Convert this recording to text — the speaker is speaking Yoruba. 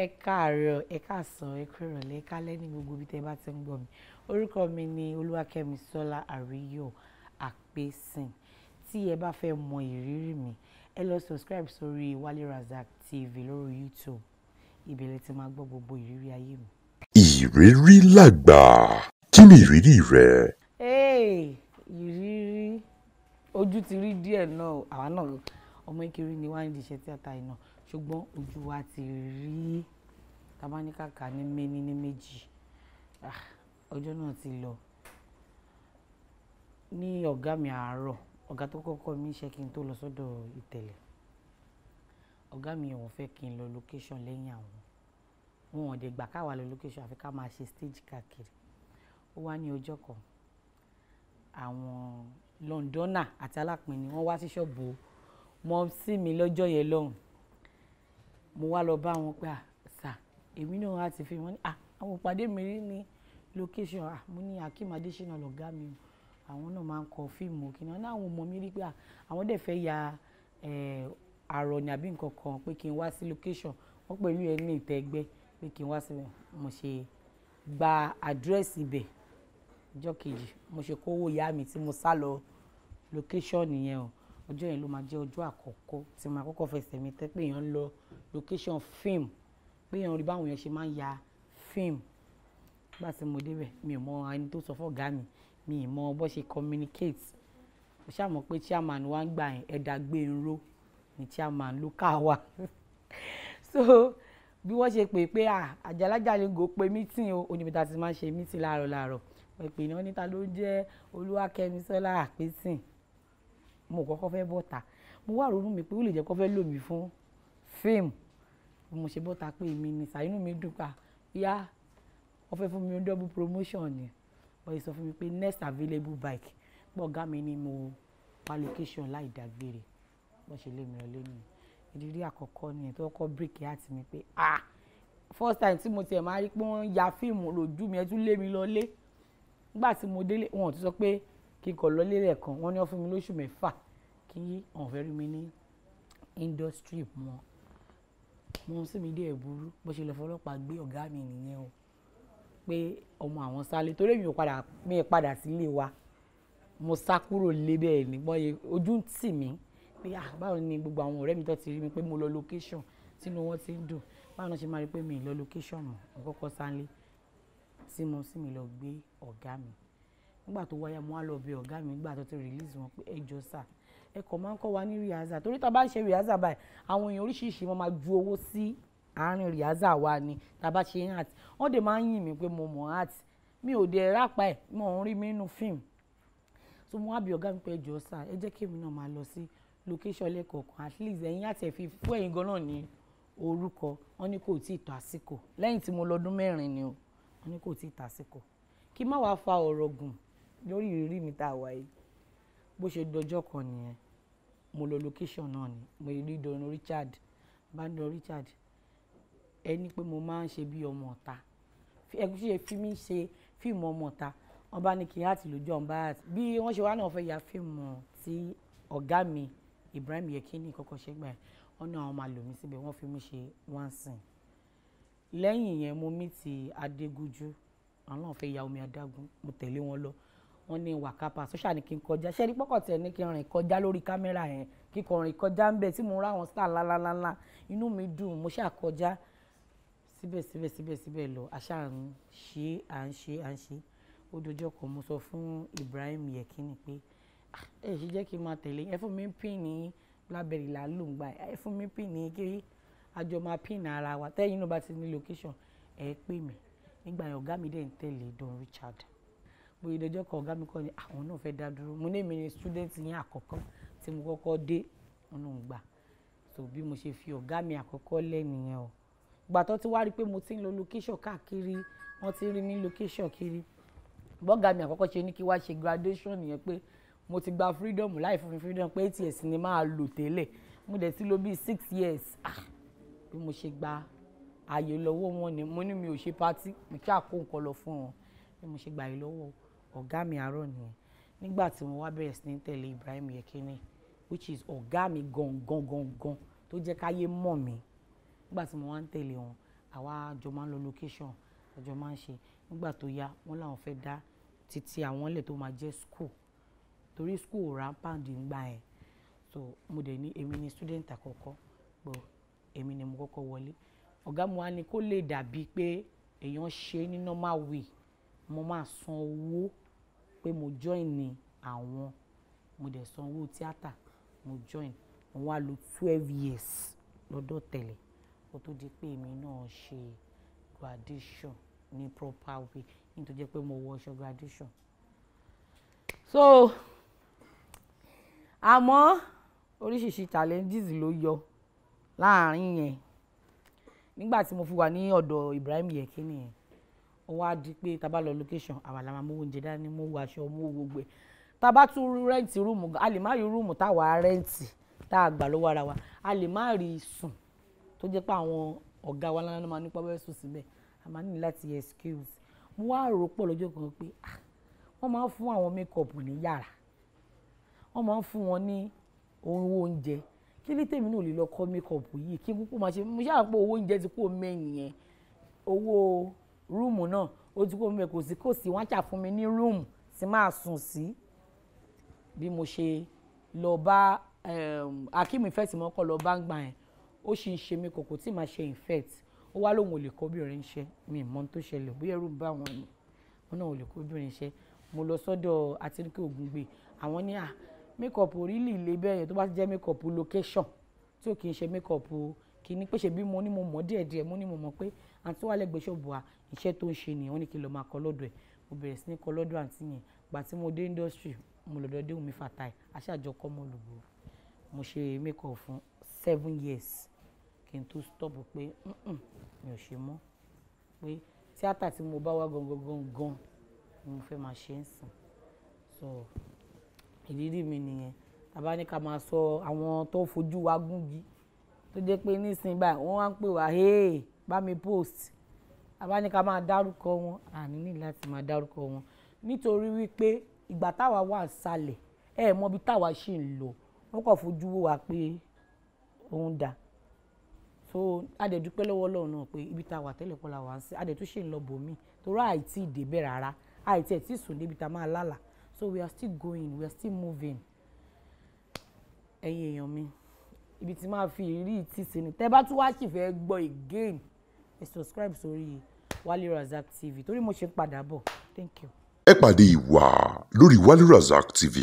ẹ káàárọ̀ ẹ káàsán ẹ kúrò lẹ ẹ kálẹ́ ní gbogbo ibi tẹ bá ti ń gbọ́ mi orúkọ mi ni olúwakẹ́mi sọ́lá àríyọ̀ àpèsìn tí ẹ bá fẹ́ mọ ìrírí mi ẹ lọ subscribe sórí Wale Rasaq TV lórí YouTube ìbẹ̀rẹ̀ tí máa gbọ́ gbogbo ìrírí ayé mi. ìrírí làgbà kí ni ìrírí rẹ. ìrírí ojú ti rí díẹ̀ náà àwa náà ọmọ ìkiri ni wá ń di iṣẹ́ tíátà yìí náà ṣùgbọ́n ojú wa ti rí tabaníkàkà ní méní ní méjì ah, ọjọ́ náà ti lọ ní ọ̀gá mi àárọ̀ ọ̀gá tó kọ́kọ́ mi ṣe kí n tó lọ sọ́dọ̀ ìtẹ̀lẹ̀ ọ̀gá mi òun fẹ́ kí n lọ location lẹ́yìn àwọn wọn ò dé gbà káwa lọ location àfi ká máa ṣe stage káàkiri ó wá ní ọjọ́ kan àwọn Londoner àti alápinni wọ́n wá sí ṣọ́ọ̀bù mọ́ sí mi lọ́jọ́ yẹn lọ́hùn mo wá lọ bá wọn pé à sà èmi náà á ti fi wọn ní à àwọn ìpàdé mi rí ní location à mo ní Akeem Adésínà lọ̀gá mi o àwọn náà máa ń kọ fíìmù òkè náà àwọn ọmọ mi rí pé à àwọn dẹ̀ fẹ́ ya àrọ̀ ní àbí nǹkan kan pé kí n wá sí location wọ́n pẹ̀lú ẹ ní ìtẹ́gbẹ́ pé kí n wá síbẹ̀ mo ṣe gba àdírẹ́sì ibẹ̀ ọjọ́ kejì mo ṣe kówó ìyá mi tí mo sá lọ location nìyẹn o ọjọ́ yẹn ló máa jẹ́ ọjọ́ àkọ́kọ́ tí mo àkọ́kọ́ fẹsẹ̀ mi tẹ́ pé èèyàn ń lọ location film pé èèyàn rí báwọn èèyàn ṣe máa ń ya film nígbà tí mo débẹ̀ mi ò mọ ẹni tó sọ fọ́ọ̀gá mi mi ì mọ bó ṣe communicate mo ṣàmọ̀ pé chairman wa ń gbà yẹn ẹ̀dá gbẹ̀ǹro ni chairman ló kà wá so bí wọ́n ṣe pè pé àjàlájàlè gò pé meeting o oníbìtà ti máa ń ṣe meeting láàárọ̀ láàárọ̀ ìpè náà níta ló ń jẹ́ Olúwakẹ́mi Ṣọlá àpèsìn mo kọ́kọ́ fẹ́ bọ́ta mo wá ronú mi pé ó lè jẹ́ kó fẹ́ lò mí fún fíìmù bí mo ṣe bọ́ta pé èmi ni sàyínú mi dùn pa ah, yá wọ́n fẹ́ fún mi double promotion ni wọ́n sọ fún mi pé next available bike pọ̀ ọ̀gá mi ni mo pa location láì dágbére wọ́n ṣe lé mi lọ lẹ́nu ìrírí ni ẹ̀ tó break heart mi pé ah first time tí mo tiẹ̀ máa rí pé wọ́n ya fíìmù lójú mi ẹ̀ tún lé mi lọ lé nígbà tí mo délé wọn ò tún sọ pé kí n kọ lọlé lẹ́ẹ̀kan wọ́n ní wọ́n fún mi lóṣù mẹ́fà kí wọ́n fẹ́ rí mi ní industry mọ́ mo sì mí dé ẹ̀búrú bó ṣe lọ fọlọ́pàá gbé ọ̀gá mi nìyẹn o pé ọmọ àwọn sálé torí mi ò padà mi ì padà sílé wa mo sá kúrò ni ní bọ́yẹ ojú ń tì mí pé ah, báwo ni gbogbo àwọn ọ̀rẹ́ mi tó ti rí mi pé mo lọ location sínú wọn ti ń dùn báwo ni wọ́n ṣe máa rí pé mi lọ location mo kọ́kọ́ sálé tí mo sì mí lọ gbé ọ̀gá mi nígbà tó wáyà mo wá lọ bẹ ọ̀gá mi nígbà tó ti release wọn pé ẹjọ́ sà ẹ kọ̀ máa ń kọ́ wa ní rìhásà torí tá a bá ń ṣe rìhásà báyìí àwọn èèyàn oríṣiríṣi wọn máa ju owó sí àárín rìhásà wa ni tá a bá ṣe art wọ́n dẹ̀ máa ń yìn mí pé mo mọ̀ art mi ò dẹ̀ rápa ẹ̀ mo ń rí mi fíìmù so mo wá bí ọ̀gá mi pé ẹjọ́ sà ẹ jẹ́ kí èmi náà máa lọ sí location lẹ́kọ̀ọ̀kan at least ẹ̀yin àti ẹ̀fí fún ẹ̀yin gan náà ní orúkọ wọn ní kò tí ì tó àsìkò ni o wọn ní kò tí ì lórí ìrírí mi tá a wà yìí bó ṣe dọjọ́ kan nìyẹn mo lọ location náà ni mo rí Don Richard bá Richard ẹni pé mo máa ń ṣe bí ọmọ ọ̀ta ẹkú ṣe fi mí ṣe fíìmù ọmọ ọ̀ta wọn bá ní kí áàtì lójú ọ̀nba áàtì bí wọ́n ṣe wá náà fẹ́ ya fíìmù tí ọ̀gá mi Ibrahim Yekini kọ́kọ́ ṣe gbà yẹn wọn ní àwọn máa lò mí síbẹ̀ wọ́n fi mí ṣe one scene lẹ́yìn yẹn mo mí ti Adégúnjú àwọn náà fẹ́ ya omi adágún mo tẹ̀lé wọn lọ wọ́n ní wàkápà sọ́ṣà ni kí n kọjá ṣé ní pọ́kọ̀ tẹ̀ ní kí n rìn kọjá lórí kámẹ́rà yẹn kíkọ rìn kọjá ń bẹ̀ tí mo ráwọn star lálálálá inú mi dùn mo ṣáà kọjá síbẹ̀síbẹ̀ síbẹ̀síbẹ̀ lọ àṣà ń ṣe à ń ṣe à ń ṣe ó dojọ́ kan mo sọ fún Ibrahim Yekini pé ẹ ṣe jẹ́ kí n máa tẹ̀lé ẹ fún mi pín ní blackberry là ń lò ń gbà ẹ fún mi pín ní kí àjọ máa pín ara wa tẹ́yìn náà bá ti ní location ẹ pè mí nígbà yẹn ọ̀gá mi dẹ̀ ń tẹ̀lé Don Richard bóyá ìdẹjọ́ kan ọ̀gá mi kọ́ ni àwọn ah, náà fẹ́ dá dúró mo ní èmi ni student yẹn àkọ́kọ́ tí mo kọ́kọ́ dé ọ̀nà ògbà so bí mo ṣe fi ọ̀gá mi àkọ́kọ́ lẹ̀ nìyẹn o ìgbà tó ti wá rí i pé mo ti ń lo location káàkiri wọ́n ti rí mi location kiri bọ́gà mi àkọ́kọ́ ṣe ní kí wá ṣe graduation nìyẹn pé mo ti gba freedom láì fún mi freedom pé eight years ni máa lò tẹ́lẹ̀ mo dẹ̀ ti lò bíi six years ah bí mo ṣe gba ààyè lọ́wọ́ wọn ni mo ní mi ò ṣe party mo ṣáà kó nǹkan lọ fún wọn bí mo ṣe gbà yìí lọ́wọ́ wọn ọ̀gá mi àárọ̀ nìyẹn nígbà tí mo wá bẹ̀rẹ̀ sí ní tẹ̀lé Ibrahim Yekini which is ọ̀gá mi gangan gangan tó jẹ́ káyé mọ̀ mí nígbà tí mo wá ń tẹ̀lé wọn àwa àjọ máa ń lọ location àjọ máa ń ṣe nígbà tó yá wọn làwọn fẹ́ dá títí àwọn ilẹ̀ tó máa jẹ́ school torí school rampant ń gbà yẹn so mo dẹ̀ ní èmi ni student àkọ́kọ́ pọ̀ èmi ni mo kọ́kọ́ wọlé ọ̀gá mi wá ní kó lè dàbíi pé èèyàn ṣe ní normal way mo máa san owó pé mo join ní àwọn mo dẹ̀ san owó tíátà mo join mo wá lò twelve years lọ́dọ̀ tẹ̀lé kó tó di pé èmi náà ṣe graduation ní proper way nítorí jẹ́ pé mo wọ ọṣọ graduation. so àmọ́ oríṣiríṣi challenges ló yọ láàrin yẹn nígbà tí mo fi wà ní ọ̀dọ̀ Ibrahim Yekini yẹn wọ́n á di pé tá a bá lọ location àwa la máa mú oúnjẹ dání mú owó aṣọ mú owó gbẹ tá a bá tún rẹ́ǹtì rúùmù a lè má rí rúùmù táwa rẹ́ǹtì tá a gbà lọ́wọ́ ara wa a lè má rí sùn tó jẹ́ pé àwọn ọ̀gá wa lánàá máa nípa bẹ́ẹ̀ sùn síbẹ̀ a máa ní láti excuse mo wá rò pọ̀ lọ́jọ́ kan pé ah, wọ́n máa ń fún àwọn makeup ní yàrá wọ́n máa ń fún wọn ní owó oúnjẹ kí ní tèmi náà lè lọ kọ́ makeup yìí kí n kúkú máa ṣe mo ṣáà pé owó oúnjẹ ti kú mẹ́yìn yẹn owó rúùmù náà ó ti kó mi bẹ̀ kò sí kò sí wọ́n á jà fún mi ní rúùmù tí màá sùn sí bí mo ṣe lọ bá ehm, akim ìfẹ́ kọ́ lọ bá ń gbà yẹn ó sì ń ṣe mí kòkò tí màá ṣe infect ó wá lóun ò lè kó obìnrin ṣe mi ì mọ ohun tó ṣẹlẹ̀ bóyá ẹrù ń bá wọn ni wọn náà ò lè kó obìnrin ń ṣe mo lọ sọ́dọ̀ Àtinúkẹ́ Ògúngbè àwọn ní à makeup orí lè bẹ́ẹ̀ yẹn tó bá ti jẹ́ makeup location tí ò kì í ṣe makeup kì í ní pé ṣe bí mo ní mo mọ̀ díẹ̀díẹ̀ mo ní mo mọ̀ pé àǹtí wà lẹ́gbẹ̀ẹ́ ṣọ́ọ̀bù wa iṣẹ́ tó ń ṣe nìyẹn wọ́n ní kí n lọ máa kọ́ lọ́dọ̀ ẹ̀ mo bẹ̀rẹ̀ sí ní kọ́ lọ́dọ̀ àǹtí yẹn gbà tí mo dé industry mo lọ́dọ̀ dé Wùmí Fatai aṣáájọkọ́ mo lùgbò mo ṣe makeup fún seven years kí n tó stop pé mi ò ṣe mọ́ pé tíátà tí mo bá wá gangan gangan ni mo fẹ́ máa ṣe ń sìn so ìrírí mi nìyẹn tàbá ní ká máa sọ àwọn tó fojú wa gúngi tó jẹ́ pé nísìnyí báyìí wọ́n wá ń pè wá hey bá mi post tàbá ní ká máa dárúkọ wọn àní ní láti máa dárúkọ wọn nítorí wípé ìgbà táwa wà sálẹ̀ ẹ mọ ibi táwa ṣì ń lọ wọ́n kàn fojú wò wá pé òun dà so adẹ̀dúpẹ́ lọ́wọ́ Ọlọ́run náà pé ibi táwa tẹ́lẹ̀ kọ́ la wà ń sí adẹ̀tún ṣì ń lọ bòmíì torí àìtí ìdèbẹ̀ rárá àìtí ẹ̀ tí sùn débi tá a máa lálàá so we are still going we are still moving ẹ̀yin èèyàn mi ibi tí máa fi ìrírí ìtì sí ni tẹ́ bá tún wá sì fẹ́ gbọ́ again ẹ subscribe sórí Wale Rasaq TV torí mo ṣe ń padà bọ̀ thank you. ẹ pàdé ìwà lórí Wale Rasaq TV